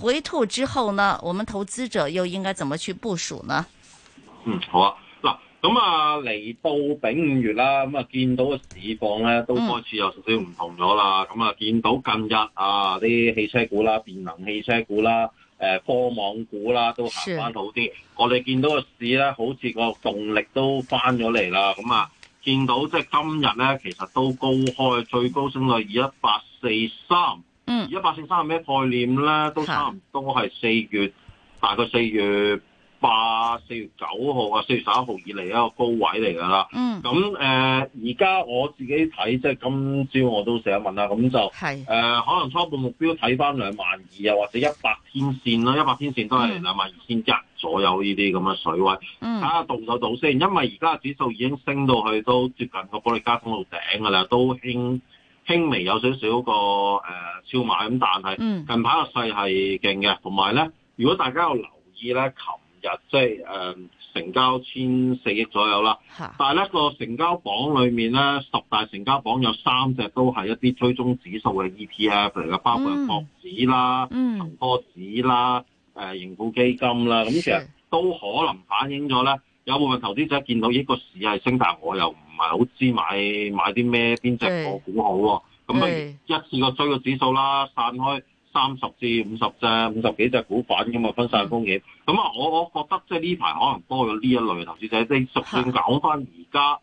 回吐之後呢，我們投資者又應該怎麼去部署呢？嗯，好啊，嗱，咁啊嚟到丙五月啦，咁啊見到個市況咧都開始有少少唔同咗啦，咁、嗯、啊見到近日啊啲汽車股啦、電能汽車股啦、誒、呃、科網股啦都行翻好啲，是我哋見到個市咧好似個動力都翻咗嚟啦，咁啊見到即係今日咧其實都高開，最高升到二一八四三。嗯，一百四三係咩概念咧？都差唔多係四月是大概四月八、四月九號啊，四月十一號以嚟一個高位嚟噶啦。嗯，咁而家我自己睇，即係今朝我都成日問啦，咁就是、呃、可能初步目標睇翻兩萬二，又或者一百天線啦，一百天線都係兩萬二千一左右呢啲咁嘅水位。睇下到唔到先，因為而家指數已經升到去都接近個保力加通道頂噶啦，都興。輕微有少少個誒、呃、超買咁，但係近排個勢係勁嘅。同埋咧，如果大家有留意咧，琴日即係誒成交千四億左右啦。哈但係咧、這個成交榜裏面咧，十大成交榜有三隻都係一啲追蹤指數嘅 ETF 嚟嘅，包括博啦、嗯嗯、多指啦、恆指啦、誒盈富基金啦。咁其實都可能反映咗咧，有部分投資者見到呢個市係升，但我又唔。唔係的好知買買啲咩邊隻個股好喎、啊，咁咪一次過追個指數啦，的散開三十至五十隻、五十幾隻股份咁啊，分散風險。咁啊、嗯，我我覺得即係呢排可能多咗呢一類投資者，即你就算、是、講翻而家，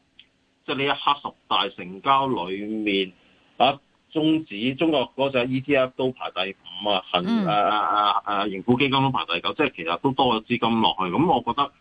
即係呢一刻十大成交裏面，啊中指中國嗰隻 ETF 都排第五、嗯、啊，恆啊啊啊啊盈富基金都排第九，即、就、係、是、其實都多咗資金落去，咁我覺得。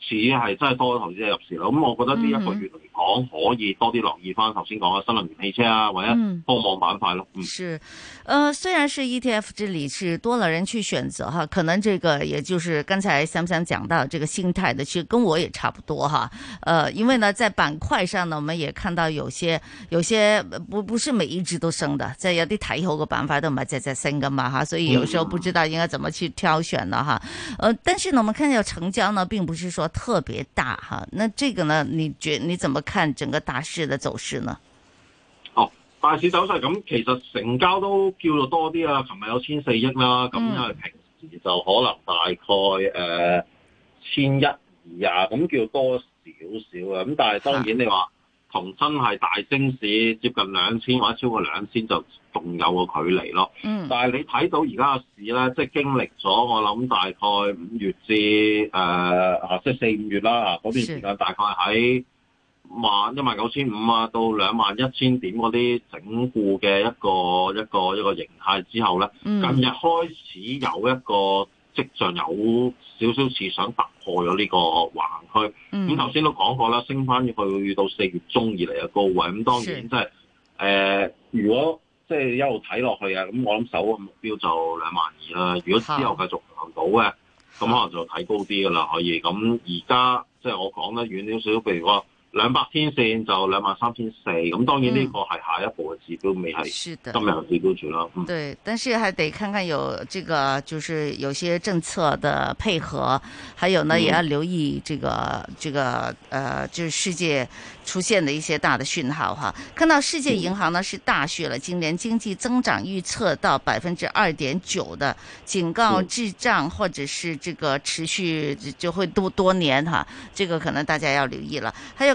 似係真係多投資者入市啦，咁我覺得呢一個月嚟講可以多啲留意翻頭先講嘅新能源汽車啊，或者多望板塊咯。嗯，是，呃，雖然是 ETF，這裏是多了人去選擇哈，可能這個也就是剛才湘湘講到這個心態的，其實跟我也差不多哈。呃，因為呢，在板塊上呢，我們也看到有些有些不不是每一隻都升的，在有啲睇唔好嘅板塊都唔係再再升噶嘛，哈，所以有時候不知道應該怎麼去挑選啦，哈。Mm. 呃，但是呢，我們看到成交呢，並不是說。特別大嗱，那這個呢？你覺，你怎麼看整個大市的走勢呢？啊，大市走勢咁，其實成交都叫做多啲啦，琴日有千四億啦，咁因為平時就可能大概呃，千一二咁叫多少少啊，咁但係當然你話。啊同真係大升市，接近兩千或者超過兩千就仲有個距離咯。嗯，但係你睇到而家嘅市咧，即係經歷咗我諗大概五月至誒、呃，即係四五月啦嗰段時間，那個、大概喺萬一萬九千五啊到兩萬一千點嗰啲整固嘅一個一個一個形態之後咧，嗯、近日開始有一個。跡象有少少似想突破咗呢個橫行區，咁頭先都講過啦，升翻去到四月中以嚟嘅高位，咁當然即係誒，如果即係一路睇落去啊，咁我諗首個目標就兩萬二啦。如果之後繼續行到嘅，咁是可能就睇高啲嘅啦，可以。咁而家即係我講得遠少少，譬如話。兩百天線就兩萬三千四，咁當然呢個係下一步嘅指標，未係今日嘅指標住啦。嗯、對，但是還得看看有這個，就是有些政策的配合，還有呢，也要留意這個，嗯、這個，呃，就是世界出現的一些大的訊號哈。看到世界銀行呢是大瀉了、嗯、今年經濟增長預測到百分之二點九的，警告滯脹，嗯、或者是這個持續就會多多年哈、啊，這個可能大家要留意了。還有。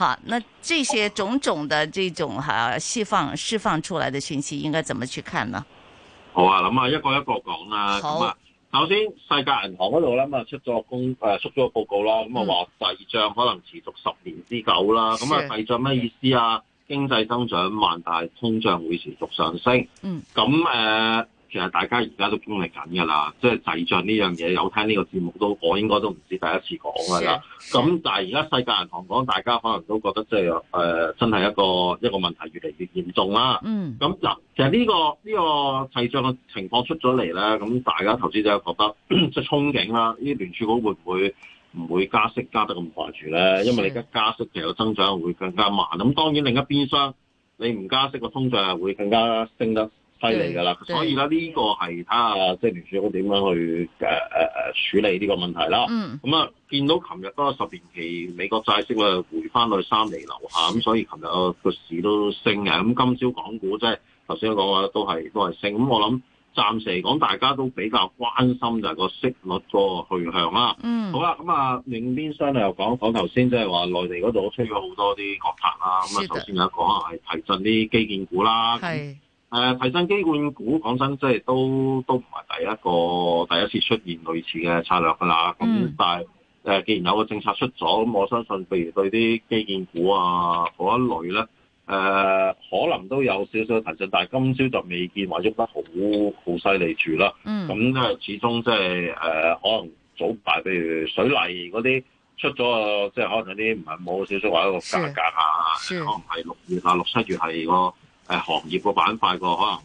好，那這些種種的這種哈釋放釋放出來的訊息，應該怎麼去看呢？好啊，諗下，一個一個講啦。好啊，首先世界銀行嗰度啦，咁啊出咗個公誒出咗個報告啦，咁啊話滯脹可能持續十年之久啦，咁啊滯脹咩意思啊？經濟增長慢，但係通脹會持續上升。嗯，咁誒。呃其實大家而家都在經歷緊㗎啦，即係滯脹呢樣嘢，有聽呢個節目都，我應該都唔止第一次講㗎啦。咁的的但係而家世界銀行講，大家可能都覺得即係、呃、真係一個一個問題越嚟越嚴重啦。嗯。咁嗱，其實呢、呢個呢、呢個滯脹嘅情況出咗嚟咧，咁大家投資者覺得即係、 就是、憧憬啦，呢啲聯儲局會唔會唔會加息加得咁快住咧？的因為你而家加息其實增長會更加慢。咁當然另一邊廂，你唔加息個通脹係會更加升得。犀利噶啦，所以啦呢個係睇下即係聯儲局點樣去誒誒誒處理呢個問題啦。嗯咁啊，嗯嗯、見到琴日嗰十年期美國債息咧回翻到去三厘樓下，咁、嗯、所以琴日個市都升嘅。咁今朝港股即係頭先講話都係都係升。咁、嗯、我諗暫時嚟講，大家都比較關心就係個息率個去向啦。嗯，好啦，咁、嗯、啊另邊商對又講講頭先，即係話內地嗰度出咗好多啲國策啦。咁啊的、嗯，首先有講係提振啲基建股啦。係的。那誒、呃，提振基建股講真，即係都都唔係第一個第一次出現類似嘅策略噶啦。咁、嗯、但係誒、呃，既然有個政策出咗，咁、嗯、我相信譬如對啲基建股啊嗰一類咧，誒、呃、可能都有少少提振，但係今朝就未見話喐得好好犀利住啦。咁誒，嗯、是始終即係誒，可能早排譬如水泥嗰啲出咗，即係可能是有啲唔係冇少少話一個價格啊，可能係六月啊六七月係個。誒行業個板塊個可能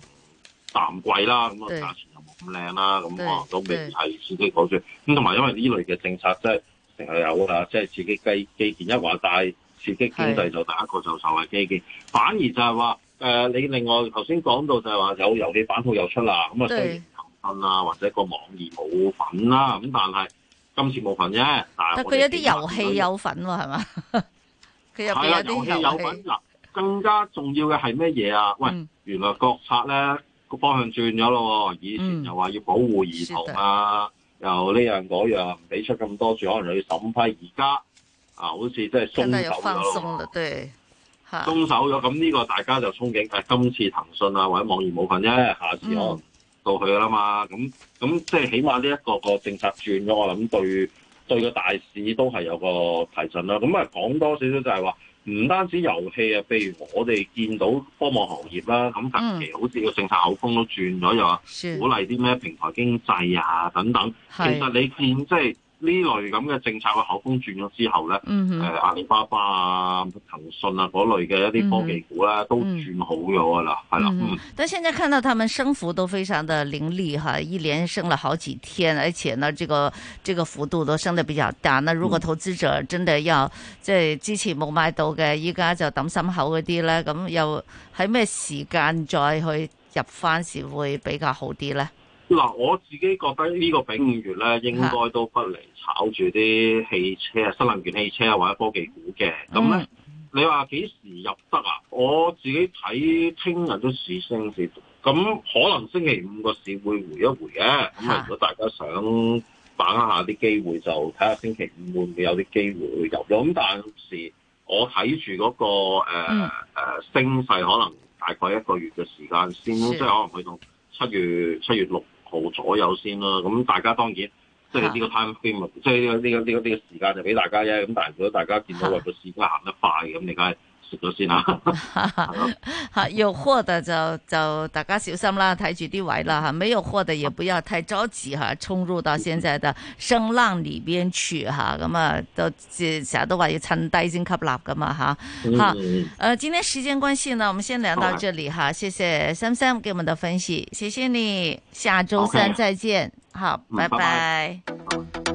淡季啦，咁個對價錢又冇咁靚啦，咁可能都未係刺激好住。咁同埋因為呢類嘅政策即係成日有㗎，即係刺激基建一話，但係刺激經濟就第一個就受惠基建。對反而就係話誒，你另外頭先講到就係話有遊戲版號又出啦，咁對啊雖然騰訊啦或者個網易冇份啦，咁但係今次冇份啫。但佢、啊、有啲遊戲有份喎、啊，係嘛？佢 入有啲了遊戲有份、啊。 更加重要嘅係咩嘢啊？喂，嗯、原來國策咧個方向轉咗咯，以前又話要保護兒童啊，嗯、又呢樣嗰樣，俾出咁多，住可能又要審批。而家啊，好似即係鬆手咗咯，有放鬆，對，鬆手咗。咁呢的個大家就憧憬，誒，今次騰訊啊或者網易冇份啫，下次我到過去噶啦嘛。咁咁、嗯、即係起碼呢一個個政策轉咗，我諗對對個大市都係有個提振啦。咁啊講多少少就係話。唔單止遊戲啊，譬如我哋見到科網行業啦，咁近期好似個政策口風都轉咗，嗯、又話鼓勵啲咩平台經濟啊等等。是其實你見即係。就是呢類咁嘅政策嘅口風轉咗之後咧，誒、mm hmm. 啊，阿里巴巴啊、騰訊啊嗰類嘅一啲科技股咧、mm hmm. 都轉好咗啦。係啦，但現在看到他們升幅都非常的凌厲哈，一連升了好幾天，而且呢，這個這個幅度都升得比較大啦。如果投資者真係又即係之前冇買到嘅，依家就抌心口嗰啲咧，咁又喺咩時間再去入翻時會比較好啲咧？嗱，我自己覺得個丙呢個五月咧應該都不離炒住啲汽車啊、新能源汽車啊或者科技股嘅。咁咧，你話幾時入得啊？我自己睇聽日都市升市，咁可能星期五個市會回一回嘅、啊。咁如果大家想把握下啲機會，就睇下星期五會唔會有啲機會入咁。但係我睇住嗰個誒、呃呃、升勢，可能大概一個月嘅時間先，的即係可能去到七月七月六。冇咗右先啦、啊，咁大家當然即係呢個 time 呢呢呢時間就俾大家啫。咁但是如果大家見到話個是的 市價行得快咁，你睇。 好，咗先有貨的就就大家小心啦，睇住啲位啦吓，沒有貨的也不要太着急哈、啊，沖入到現在的聲浪裏邊去哈、啊，咁啊都成日都話要趁低先吸納噶嘛吓，好，誒、嗯呃，今天時間關係呢，我們先聊到這裏哈、啊，的謝謝 Sam Sam 給我們的分析，謝謝你，下周三再見，Okay 好，拜拜。嗯拜拜。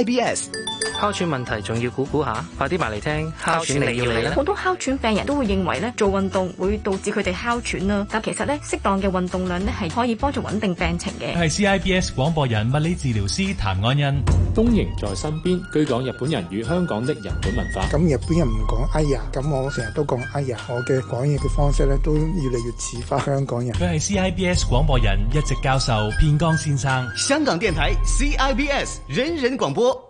I B S 哮喘問題仲要估估下，快啲埋嚟聽哮喘你要唔要咧？好多哮喘病人都會認為咧做運動會導致佢哋哮喘啦，但其實咧適當嘅運動量咧係可以幫助穩定病情嘅。係 C I B S 廣播人物理治療師譚安欣。東瀛在身邊，據講日本人與香港的日本文化。咁日本人唔講哎呀，咁我成日都講哎呀，我嘅講嘢嘅方式咧，都越嚟越似返香港人。佢係 CIBS 廣播人，一直教授片岡先生。香港電台 CIBS 人人廣播。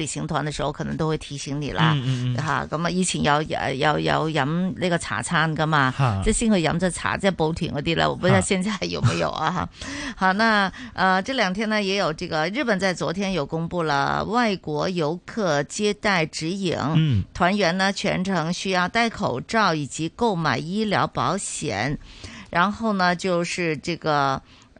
旅行團的時候可能都會提醒你啦，嗯，嗯，嗯，吓咁啊！以前要要要飲呢個茶餐噶嘛，即係先去飲咗茶，即係補團嗰啲咧，我不知道現在有沒有啊？哈，好，那呃，這兩天呢，也有這個日本在昨天有公布了外國遊客接待指引，嗯，團員呢全程需要戴口罩以及購買醫療保險，然後呢就是這個。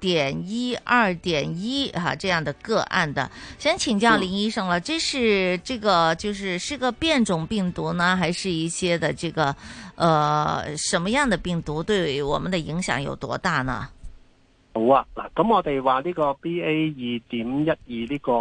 點一二點一啊，這樣的個案的，想請教林醫生了。嗯、這是這個就是是個變種病毒呢，還是一些的這個呃什麼樣的病毒對我們的影響有多大呢？好啊，嗱、這個，咁我哋話呢個 BA 二點一二呢個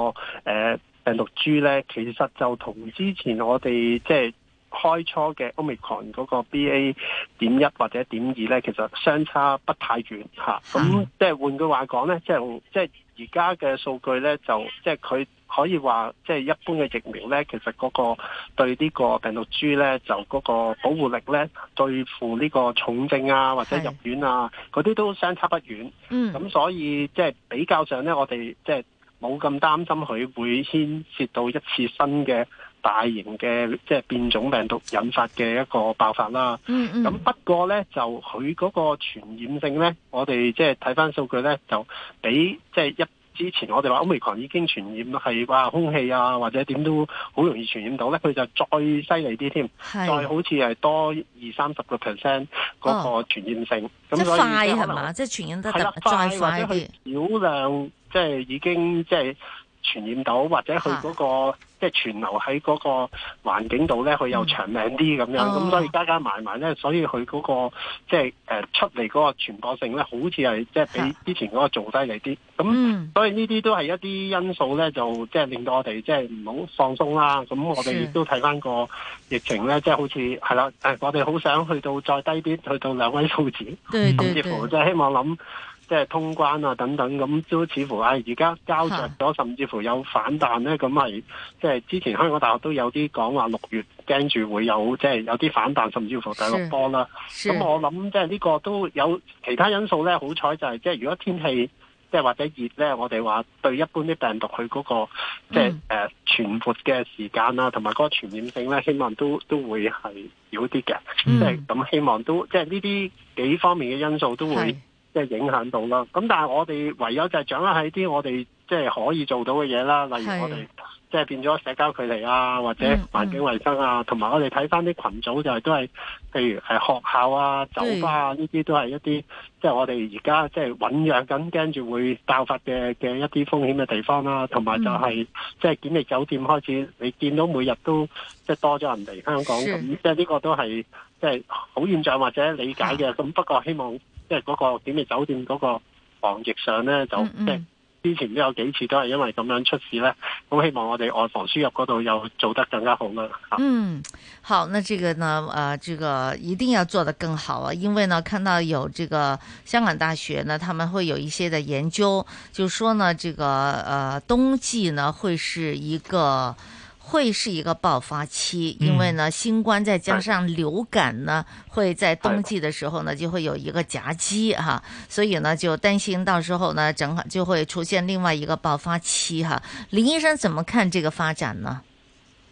誒病毒株呢，其實就同之前我哋即係。開初嘅奧密克戎嗰個 BA 點一或者點二咧，其實相差不太遠吓。咁即係換句話講咧，即係即係而家嘅數據咧，就即係佢可以話，即係一般嘅疫苗咧，其實嗰個對呢個病毒株咧，就嗰個保護力咧，對付呢個重症啊或者入院啊嗰啲的都相差不遠。咁的所以即係比較上咧，我哋即係冇咁擔心佢會牽涉到一次新嘅。大型嘅即係變種病毒引發嘅一個爆發啦。咁、嗯嗯、不過咧就佢嗰個傳染性咧，我哋即係睇返數據咧，就比即係一之前我哋話 Omicron 已經傳染係話空氣啊或者點都好容易傳染到咧，佢就再犀利啲添，的再好似係多二三十個 percent 嗰個傳染性。哦、所以即，即的再快係嘛？即係傳染得再快，或者佢少量即係已經即係。傳染到或者佢嗰、那個、啊、即係傳流喺嗰個環境度咧，佢又長命啲咁、嗯、樣，咁、嗯、所以加加埋埋咧，所以佢嗰、那個即係誒、呃、出嚟嗰個傳播性咧，好似係即係比之前嗰個仲低啲。咁所以呢啲都係一啲因素咧，就即係令到我哋即係唔好放鬆啦。咁我哋亦都睇翻個疫情咧，即係的好似係啦，誒，我哋好想去到再低啲，去到兩位數字，咁亦、嗯嗯、即係希望諗。即係通關啊等等，咁都似乎啊而家交着咗，甚至乎有反彈咧。咁係即係之前香港大學都有啲講話六月驚住會有即係、就是、有啲反彈，甚至乎第六波啦。咁我諗即係呢個都有其他因素咧。好彩就係即係如果天氣即係、就是、或者熱咧，我哋話對一般啲病毒佢嗰、那個即係誒傳播嘅時間啦，同埋嗰個傳染性咧，希望都都會係少啲嘅。即係咁希望都即係呢啲幾方面嘅因素都會。即係影響到啦，咁但係我哋唯有就係掌握喺啲我哋即係可以做到嘅嘢啦，是例如我哋即係變咗社交距離啊，的或者環境衞生啊，同埋的我哋睇翻啲群組就係都係，譬如係學校啊、酒吧啊呢啲的都係一啲即係我哋而家即係揾樣醞釀緊跟住會爆發嘅嘅一啲風險嘅地方啦、啊，同埋就係即係檢疫酒店開始，的你見到每日都即係多咗人嚟香港，咁即係呢個都係。即係好現象或者理解嘅，咁的不過希望即係嗰、那個檢疫酒店嗰個防疫上咧，就嗯嗯即係之前都有幾次都係因為咁樣出事咧，咁希望我哋外防輸入嗰度又做得更加好啦。嗯，好，那這個呢，誒、呃，這個一定要做得更好啊，因為呢，看到有呢個香港大學呢，他們會有一些嘅研究，就說呢，這個誒、呃，冬季呢會是一個。會是一個爆發期，因為呢，新冠再加上流感呢，嗯、會在冬季的時候呢，的就會有一個夾擊哈，所以呢，就擔心到時候呢，正好就會出現另外一個爆發期哈。林醫生怎麼看這個發展呢？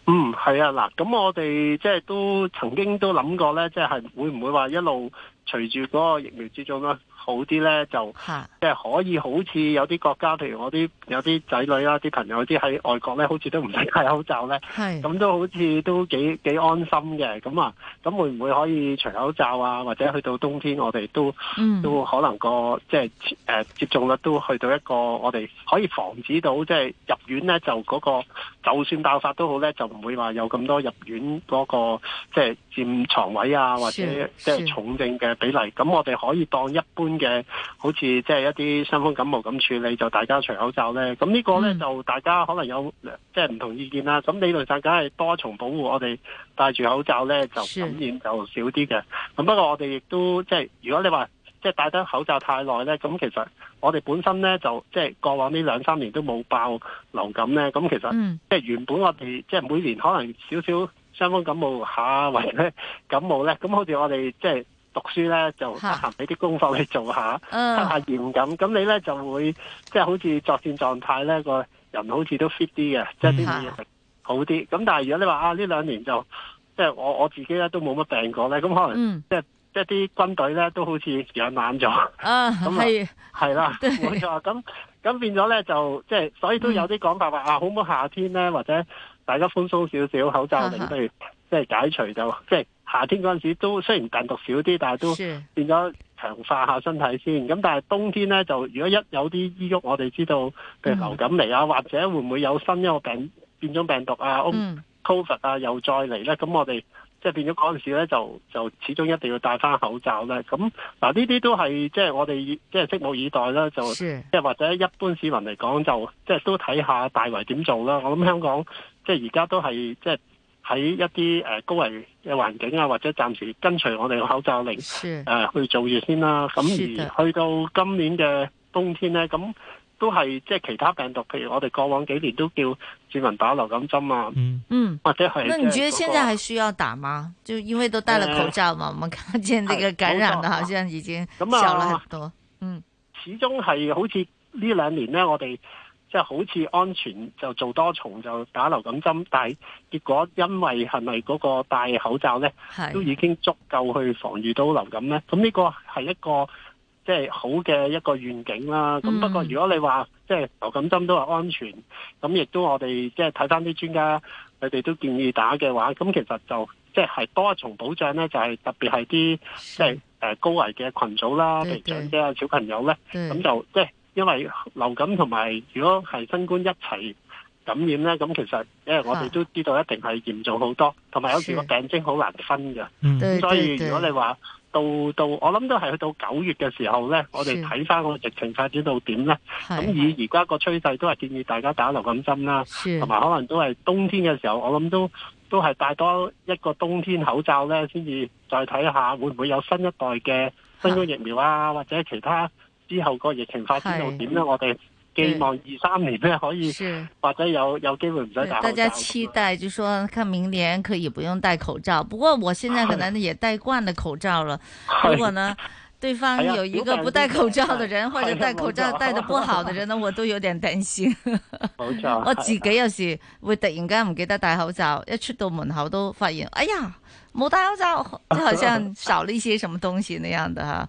嗯，係啊，嗱，咁我哋即係都曾經都諗過呢，即、就、係、是、會唔會話一路隨住嗰個疫苗之中呢？好啲咧，就即係可以好似有啲國家，譬如我啲有啲仔女啦、啲朋友啲喺外國咧，好似都唔使戴口罩咧，咁是都好似都幾幾安心嘅。咁啊，咁會唔會可以除口罩啊？或者去到冬天我，我哋都都可能個即係誒接種率都去到一個我哋可以防止到，即係入院咧就嗰個就算爆發都好咧，就唔會話有咁多入院嗰個即係佔床位啊，或者即係重症嘅比例。咁我哋可以當一般。嘅好似即係一啲傷風感冒咁處理，就大家除口罩咧。咁呢個咧、嗯、就大家可能有即係唔同意見啦。咁理論上梗係多重保護，我哋戴住口罩咧就感染就少啲嘅。咁是不過我哋亦都即係、就是、如果你話即係戴得口罩太耐咧，咁其實我哋本身咧就即係、就是、過往呢兩三年都冇爆流感咧。咁其實、嗯、即係原本我哋即係每年可能少少傷風感冒下為咧感冒咧。咁好似我哋即係。就是讀書咧就得閒俾啲功課去做下，測、啊、下嚴咁，咁你咧就會即係、就是、好似作戰狀態咧，個人好似都 fit 啲嘅，即係啲嘢食好啲。咁、嗯、但係如果你話啊呢兩年就即係、就是、我我自己咧都冇乜病過咧，咁可能即係即係啲軍隊咧都好似養懶咗。啊，係係啦，冇錯。咁咁變咗咧就即係、就是，所以都有啲講法話、嗯、啊，好冇夏天咧或者。大家寬鬆少少，口罩嚟，譬如即係解除就即係夏天嗰陣時都雖然病毒少啲，但係都變咗強化下身體先。咁但係冬天咧就如果一有啲醫鬱，我哋知道譬如流感嚟啊，或者會唔會有新一個病變種病毒啊、COVID 啊又再嚟咧？咁、嗯、我哋即係變咗嗰陣時咧，就就始終一定要戴翻口罩呢。咁嗱呢啲都係即係我哋即係拭目以待啦，就即係是或者一般市民嚟講就即係都睇下大圍點做啦。我諗香港。即係而家都係即係喺一啲誒、呃、高危嘅環境啊，或者暫時跟隨我哋口罩令誒是、呃、去做嘢先啦。咁的而去到今年嘅冬天咧，咁都係即係其他病毒，譬如我哋過往幾年都叫市民打流感針啊。嗯嗯，或者係。嗯那個、那你覺得現在還需要打嗎？就因為都戴了口罩嘛，呃、我們看見這個感染的好像已經少了很多。嗯，嗯始終係好似呢兩年咧，我哋。即係好似安全就做多重就打流感針，但係結果因為係咪嗰個戴口罩咧，的都已經足夠去防禦到流感咧？咁呢個係一個即係、就是、好嘅一個願景啦。咁、嗯、不過如果你話即係流感針都係安全，咁亦都我哋即係睇翻啲專家佢哋都建議打嘅話，咁其實就即係係多一重保障咧。就係、是、特別係啲即係，誒高危嘅群組啦，譬的如長者啊、小朋友咧，咁的就即係。就是因為流感同埋如果係新冠一齊感染咧，咁其實因為我哋都知道一定係嚴重好多，同埋有時個病徵好難分㗎。的所以如果你話到到我諗都係去到九月嘅時候咧，我哋睇翻個疫情發展到點咧。咁以而家個趨勢都係建議大家打流感針啦，同埋可能都係冬天嘅時候，我諗都都係戴多一個冬天口罩咧，先至再睇下會唔會有新一代嘅新冠疫苗啊，或者其他。之後個疫情發展到點咧？是我哋寄望二三年咧可以，或者有是有機會唔使戴口罩。大家期待，就說，看明年可以不用戴口罩。不過我現在可能也戴慣了口罩了。是如果呢，對方有一個不戴口罩的人，啊、的或者戴口罩戴得不好的人呢，我都有點擔心。我自己有時會突然間唔記得戴口罩，一出到門口都發現，哎呀，冇戴口罩，就好像少了一些什麼東西那樣的哈。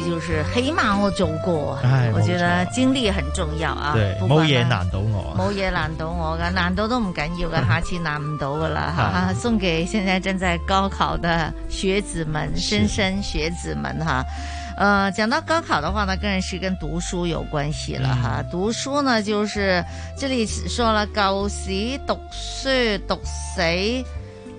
就是起碼我做過，哎、我覺得經歷很重要啊。哎、對，冇嘢難到我，冇嘢難到我噶，難到都唔緊要噶，下次難唔到我啦。哎、哈，哈，送給現在正在高考的學子們，莘莘是學子們哈。呃，講到高考的話呢，更是跟讀書有關係了哈。嗯、讀書呢，就是這裏只說了，舊時讀書，讀誰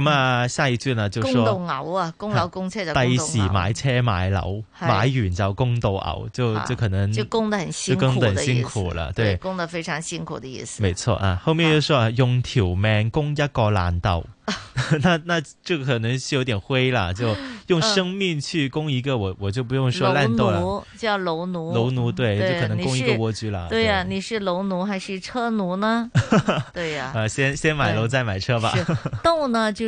那麼下一句呢就說到嘔啊，供樓供車就第時買車買樓，買完就供到嘔，就就可能就供得很辛苦的意思，對，供得非常辛苦的意思。沒錯啊，後面又說用條命供一個爛豆，那那就可能是有點灰啦，就用生命去供一個我，我就不用說爛豆了叫樓奴，樓奴，對，就可能供一個蝸居啦。對呀，你是樓奴還是車奴呢？對呀，啊，先先買樓再買車吧。豆呢就。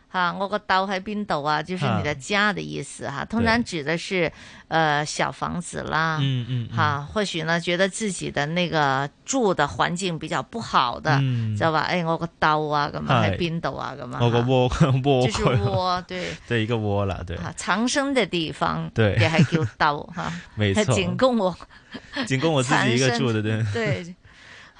哈，我個刀喺邊度啊？就是你的家的意思哈，通常指的是呃小房子啦。嗯嗯。哈，或許呢，覺得自己的那個住的環境比較不好的，知道吧？哎，我個刀啊，咁啊喺邊度啊，咁啊。我個窩，窩。就是窩，對。對一個窩啦，對。藏身的地方。對。也喺個刀哈。沒錯。僅供我。僅供我自己一個住的，對。對。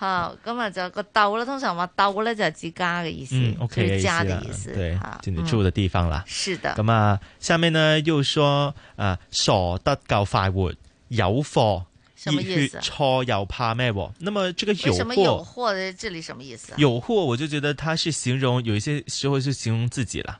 吓，咁啊就個斗啦。通常話斗咧就係自家嘅意思，自家嘅意思，對，嗯、就你住嘅地方啦的、嗯。是的，咁啊，下面呢又說啊，傻得夠快活，有貨，熱血錯又怕咩？咁啊，這個有貨，為什麼有貨？這裏什麼意思？有貨，我就覺得它是形容，有一些時候是形容自己啦。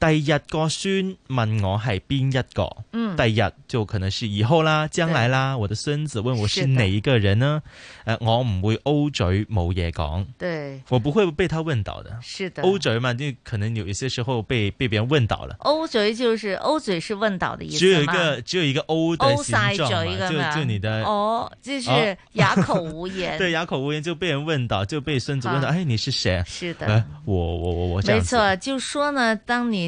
第日個孫問我係邊一個？嗯，第日就可能是以後啦，將來啦，我的孫子問我是哪一個人呢？誒，我唔會歐嘴冇嘢講，對，我不會被他問倒的。是的，歐嘴嘛，你可能有一些時候被被別人問倒了。歐嘴就是歐嘴是問倒的意思，只有一個只有一個 O 的形狀，就就你的哦，就是啞口無言，對，啞口無言就被人問倒，就被孫子問到，哎，你是誰？是的，我我我我，沒錯，就說呢，當你。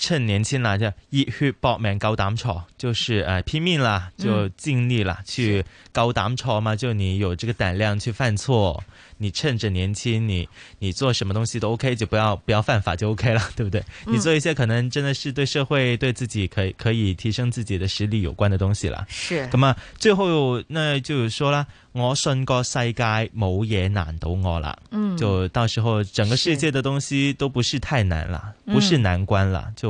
趁年輕啦，就熱血搏命、夠膽錯，就是誒、呃、拼命啦，就盡力啦，嗯、去夠膽錯嘛，就你有這個膽量去犯錯，你趁着年輕，你你做什麼東西都 OK，就不要不要犯法就 OK 了，對不對？嗯、你做一些可能真的是對社會、對自己可以可以提升自己的實力有關的東西啦。是，那麼最後那就說了，我信個世界冇嘢難到我啦。嗯，就到時候整個世界的東西都不是太難啦，是不是難關啦，嗯、就。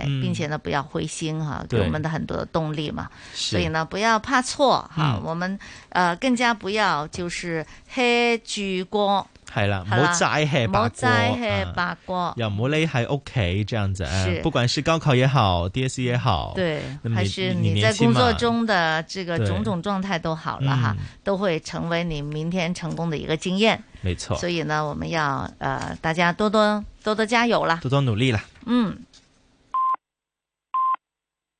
並且呢，不要灰心哈，給我們的很多的動力嘛。所以呢，不要怕錯哈。我們呃，更加不要就是黑住過。係啦，冇再黑白冇齋吃白果，又冇匿喺屋企這樣子。是，不管是高考也好，DSE 也好，對，還是你在工作中的這個種種狀態都好了哈，都會成為你明天成功的一個經驗。沒錯。所以呢，我們要呃，大家多多多多加油了，多多努力了。嗯。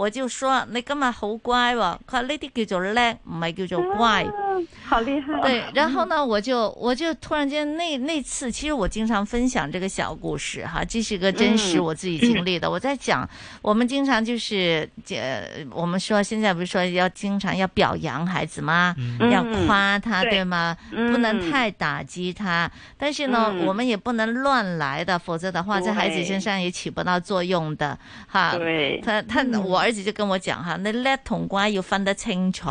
我就說你幹嘛好乖喔，佢呢啲叫做叻，唔係叫做乖，好厲害。對，然後呢，我就我就突然間那那次，其實我經常分享這個小故事哈，這是個真實我自己經歷的。我在講，我們經常就是，呃，我們說現在不是說要經常要表揚孩子嗎？要誇他，對嗎？不能太打擊他，但是呢，我們也不能亂來的，否則的話，在孩子身上也起不到作用的。哈，對，他他我。一直就跟我講吓，你叻同乖要分得清楚。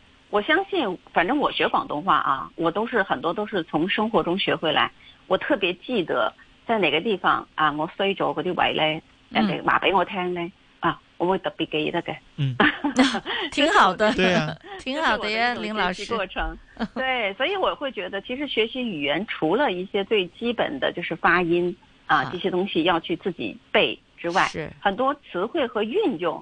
我相信，反正我學廣東話啊，我都是很多都是從生活中學回來。我特別記得在哪個地方啊，我非着嗰啲位咧，人哋話俾我聽呢啊，我會特別記得嘅。嗯， 挺好的，對啊，挺好的呀，林老師過程。對，所以我會覺得，其實學習語言除了一些最基本的就是發音 啊，啊，啊這些東西要去自己背之外，是很多詞彙和運用。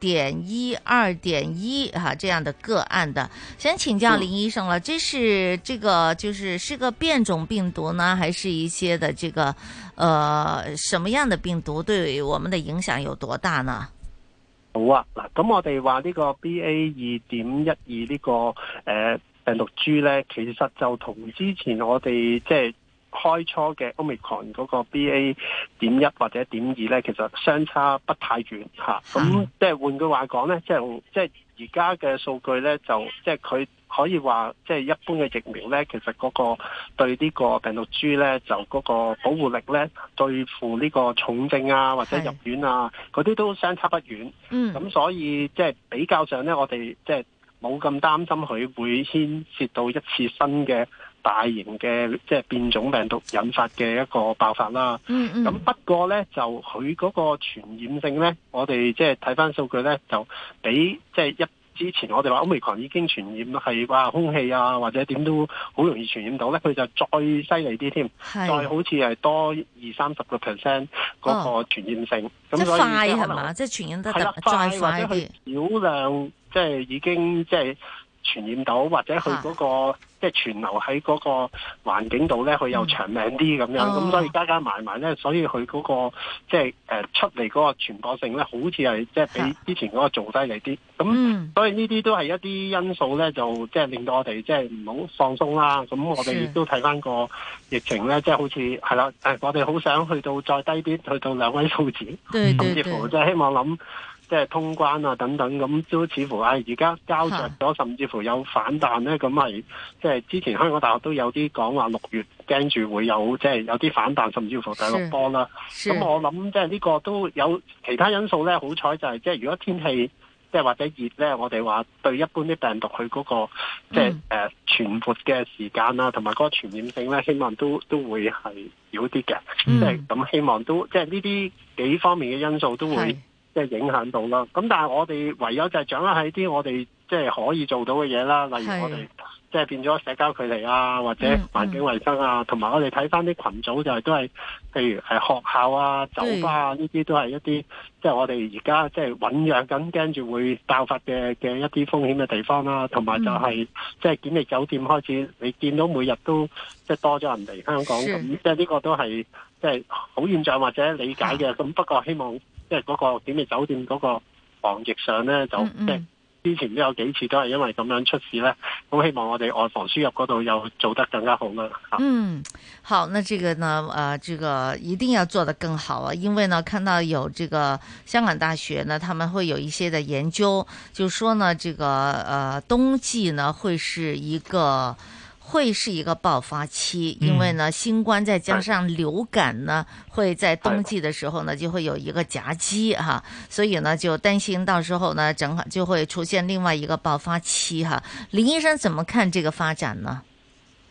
點一二點一啊，這樣的個案的，先請教林醫生了。這是這個就是是個變種病毒呢，還是一些的這個呃什麼樣的病毒對我們的影響有多大呢？好啊，嗱、這個，咁我哋話呢個 B A 二點一二呢個誒病毒株呢，其實就同之前我哋即係。開初嘅 o m 奧 c o n 嗰個 BA 1一或者2二咧，其實相差不太遠，咁即係換句話講咧，即係即係而家嘅數據咧，就即係佢可以話，即、就、係、是、一般嘅疫苗咧，其實嗰個對呢個病毒株咧，就嗰個保護力咧，對付呢個重症啊或者入院啊嗰啲的都相差不遠。咁的所以即係、就是、比較上咧，我哋即係冇咁擔心佢會牽涉到一次新嘅。大型嘅即係變種病毒引發嘅一個爆發啦，咁、嗯嗯、不過咧就佢嗰個傳染性咧，我哋即係睇翻數據咧，就比即係一之前我哋話 Omicron 已經傳染係話空氣啊或者點都好容易傳染到咧，佢就再犀利啲添，的再好似係多二三十個 percent 嗰個傳染性，咁、哦、所以即係可能即係傳染得再快，或者佢少量、嗯、即係已經即係。傳染到或者佢嗰、那個即係、啊、傳流喺嗰個環境度咧，佢又長命啲咁、嗯、樣，咁、嗯、所以加加埋埋咧，所以佢嗰、那個即係誒出嚟嗰個傳播性咧，好似係即係比之前嗰個仲犀利啲。咁所以呢啲都係一啲因素咧，就即係、就是、令到我哋即係唔好放鬆啦。咁我哋亦都睇返個疫情咧，即係的好似係啦誒，我哋好想去到再低啲，去到兩位數字。嗯、對對即就希望諗。即係通關啊等等咁，都似乎啊而家交着咗，甚至乎有反彈咧。咁係即係之前香港大學都有啲講話六月驚住會有即係、就是、有啲反彈，甚至乎第六波啦。咁我諗即係呢個都有其他因素咧。好彩就係即係如果天氣即係、就是、或者熱咧，我哋話對一般啲病毒佢嗰、那個即係誒傳播嘅時間啦，同埋嗰個傳染性咧，希望都都會係少啲嘅。即係咁希望都即係呢啲幾方面嘅因素都會。即係影響到啦，咁但係我哋唯有就係掌握喺啲我哋即係可以做到嘅嘢啦，是例如我哋即係變咗社交距離啊，是或者環境衛生啊，同埋是我哋睇翻啲群組就係都係，譬如係學校啊、酒吧啊呢啲是都係一啲即係我哋而家即係醞釀緊跟住會爆發嘅嘅一啲風險嘅地方啦，同埋就係即係檢疫酒店開始，是你見到每日都即係多咗人嚟香港，咁即係呢個都係。即係好現象或者理解嘅，咁的不過希望即係嗰個檢疫酒店嗰個防疫上咧，就即係、嗯嗯、之前都有幾次都係因為咁樣出事咧，咁希望我哋外防輸入嗰度又做得更加好啦。嗯，好，那這個呢，誒、呃，這個一定要做得更好啊，因為呢，看到有呢個香港大學呢，他們會有一些嘅研究，就說呢，這個誒、呃，冬季呢會是一個。會是一個爆發期，因為呢新冠再加上流感呢，嗯、會在冬季的時候呢的就會有一個夾擊哈，所以呢就擔心到時候呢整就會出現另外一個爆發期哈。林醫生怎麼看這個發展呢？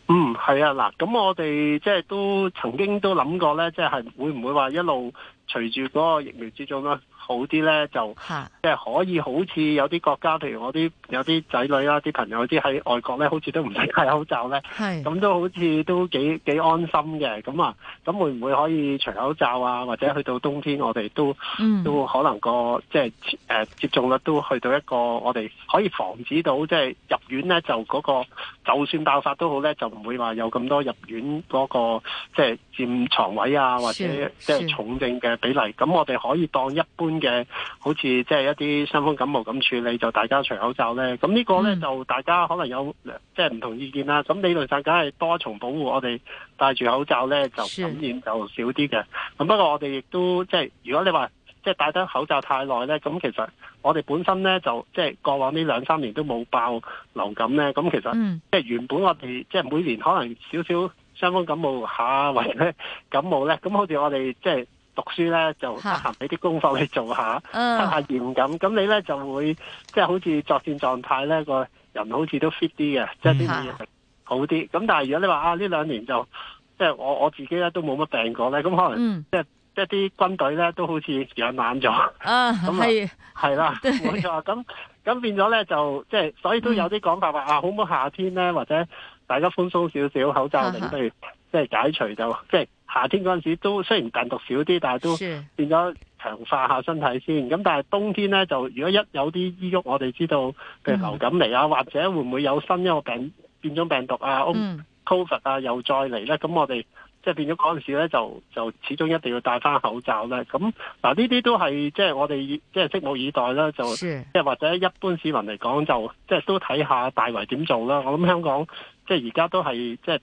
嗯，係啊，嗱，咁我哋即係都曾經都諗過呢，即係會唔會話一路隨住嗰個疫苗之中咯。好啲咧，就即可以好似有啲國家，譬如我啲有啲仔女啦、啲朋友啲喺外國咧，好似都唔使戴口罩咧，咁是都好似都幾幾安心嘅。咁啊，咁會唔會可以除口罩啊？或者去到冬天我，我哋都都可能個即係誒接種率都去到一個我哋可以防止到，即、就、係、是、入院咧就嗰、那個就算爆發都好咧，就唔會話有咁多入院嗰、那個即係、就是、佔床位啊，或者即係、就是、重症嘅比例。咁我哋可以當一般。嘅好似即係一啲傷風感冒咁處理，就大家除口罩咧。咁呢個咧、嗯、就大家可能有即係唔同意見啦。咁理論上梗係多重保護，我哋戴住口罩咧就感染就少啲嘅。咁的不過我哋亦都即係、就是、如果你話即係戴得口罩太耐咧，咁其實我哋本身咧就即係、就是、過往呢兩三年都冇爆流感咧。咁其實即係、嗯、原本我哋即係每年可能少少傷風感冒下為咧感冒咧。咁好似我哋即係。就是讀書咧就得閒俾啲功課去做下，測、啊、下嚴咁，咁、啊、你咧就會即係、就是、好似作戰狀態咧，個人好似都 fit 啲嘅，即係啲嘢食好啲。咁、啊、但係如果你話啊呢兩年就即係、就是、我我自己咧都冇乜病過咧，咁可能即係即係啲軍隊咧都好似養懶咗。啊，係係 就是啦，冇錯對。咁咁變咗咧就即係、就是，所以都有啲講法話、嗯、啊，好唔好夏天咧或者。大家寬鬆少少，口罩令譬如即係解除就即係夏天嗰陣時都雖然病毒少啲，但係都變咗強化下身體先。咁是但係冬天咧就如果一有啲醫喐，我哋知道譬如流感嚟啊，或者會唔會有新一個病變種病毒啊、COVID 啊又再嚟咧？咁、嗯、我哋即係變咗嗰陣時咧，就就始終一定要戴翻口罩咧。咁嗱呢啲都係即係我哋即係拭目以待啦。就即係是或者一般市民嚟講，就即係都睇下大圍點做啦。我諗香港。即係而家都係即係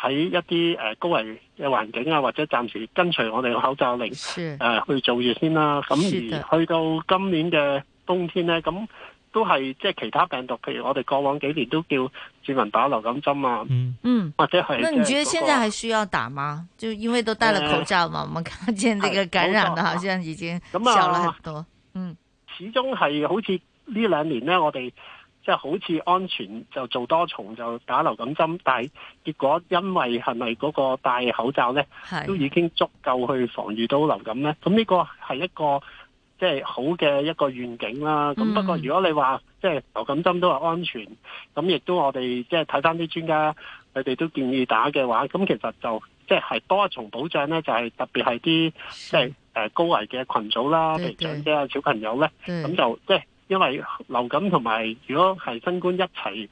喺一啲誒、呃、高危嘅環境啊，或者暫時跟隨我哋嘅口罩令誒是、呃、去做嘢先啦。咁、嗯、的而去到今年嘅冬天咧，咁、嗯、都係即係其他病毒，譬如我哋過往幾年都叫市民打流感針啊。嗯嗯，或者係。那你覺得現在還需要打嗎？就因為都戴了口罩嘛，呃、我們看見這個感染的好像已經少了很多。嗯，嗯始終係好似呢兩年咧，我哋。即係好似安全就做多重就打流感針，但係結果因為係咪嗰個戴口罩咧，的都已經足夠去防禦到流感咧？咁呢個係一個即係、就是、好嘅一個願景啦。咁、嗯、不過如果你話即係流感針都係安全，咁亦都我哋即係睇翻啲專家佢哋都建議打嘅話，咁其實就即係、就是、多一重保障咧，就係、是、特別係啲即係誒高危嘅群組啦，譬的如長者啊、小朋友咧，咁的就即係。因為流感同埋如果係新冠一齊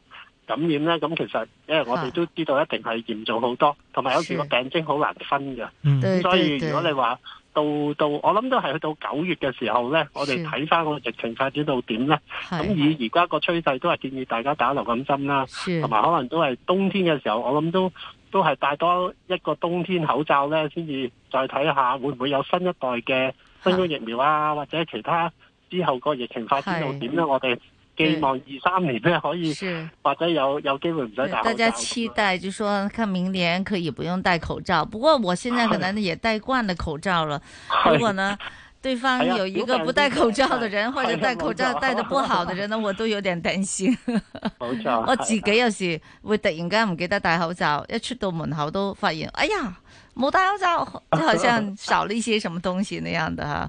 感染咧，咁其實因為我哋都知道一定係嚴重好多，同埋有時個病徵好難分㗎。的所以如果你話到到我諗都係去到九月嘅時候咧，我哋睇翻個疫情發展到點咧。咁以而家個趨勢都係建議大家打流感針啦，同埋可能都係冬天嘅時候，我諗都都係戴多一個冬天口罩咧，先至再睇下會唔會有新一代嘅新冠疫苗啊，或者其他。之後個疫情發展到點咧？是我哋寄望二三年咧可以，或者有是有機會唔使大家期待，就說看明年可以不用戴口罩。不過，我現在可能也戴慣了口罩了。是如果呢，對方有一個不戴口罩的人，啊、的或者戴口罩戴得不好的人呢，啊、我都有點擔心。 錯 我自己有是會突然間唔記得戴口罩，錯一出到門口都發現，啊、哎呀冇戴口罩，就好像少了一些什麼東西那樣的哈。